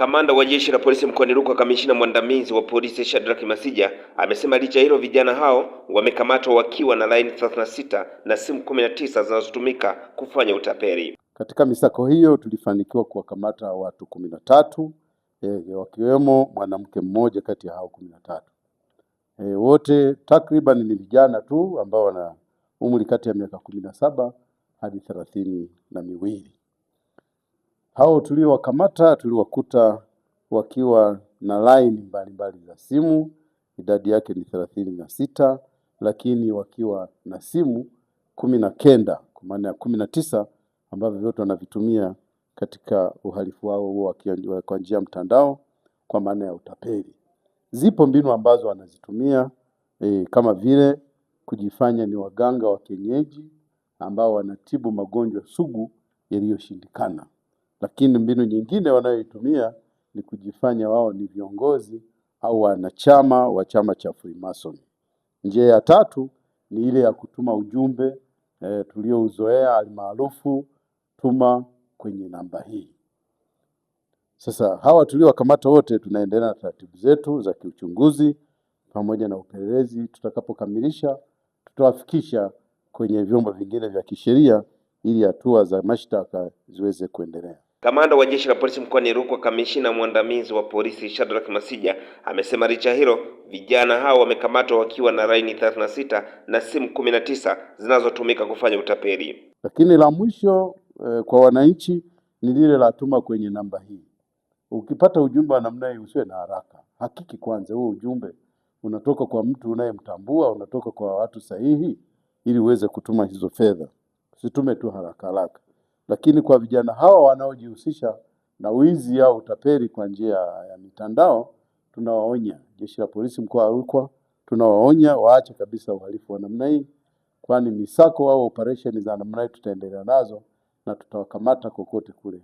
Kamanda wa jeshi la polisi mkoani Rukwa, kamishina mwandamizi wa polisi Shadrack Masija amesema licha hilo vijana hao wamekamatwa wakiwa na laini 36 na simu 19 zinazotumika kufanya utapeli. Katika misako hiyo tulifanikiwa kuwakamata watu kumi na tatu e, wakiwemo mwanamke mmoja kati ya hao kumi na tatu. E, wote takriban ni vijana tu ambao wana umri kati ya miaka kumi na saba hadi thelathini na miwili. Hao tuliowakamata tuliwakuta wakiwa na laini mbalimbali za simu, idadi yake ni thelathini na sita, lakini wakiwa na simu kumi na kenda kwa maana ya kumi na tisa ambavyo vyote wanavitumia katika uhalifu wao huo kwa njia ya mtandao kwa maana ya utapeli. Zipo mbinu ambazo wanazitumia e, kama vile kujifanya ni waganga wa kienyeji ambao wanatibu magonjwa sugu yaliyoshindikana. Lakini mbinu nyingine wanayoitumia ni kujifanya wao ni viongozi au wanachama wa chama cha Freemason. Njia ya tatu ni ile ya kutuma ujumbe e, tuliouzoea almaarufu tuma kwenye namba hii. Sasa hawa tuliowakamata wote, tunaendelea na taratibu zetu za kiuchunguzi pamoja na upelelezi. Tutakapokamilisha, tutawafikisha kwenye vyombo vingine vya kisheria ili hatua za mashtaka ziweze kuendelea. Kamanda wa jeshi la polisi mkoani Rukwa, kamishina mwandamizi wa polisi Shadrack Masija amesema licha hilo vijana hao wamekamatwa wakiwa na laini 36 na simu 19 zinazotumika kufanya utapeli. Lakini la mwisho eh, kwa wananchi ni lile la tuma kwenye namba hii. Ukipata ujumbe wa namna hii usiwe na haraka, hakiki kwanza huo ujumbe unatoka kwa mtu unayemtambua, unatoka kwa watu sahihi, ili uweze kutuma hizo fedha. Usitume tu haraka haraka. Lakini kwa vijana hawa wanaojihusisha na wizi au utapeli kwa njia ya mitandao, tunawaonya. Jeshi la Polisi mkoa wa Rukwa tunawaonya waache kabisa uhalifu wa namna hii, kwani misako au operesheni za namna hii tutaendelea nazo na tutawakamata kokote kule.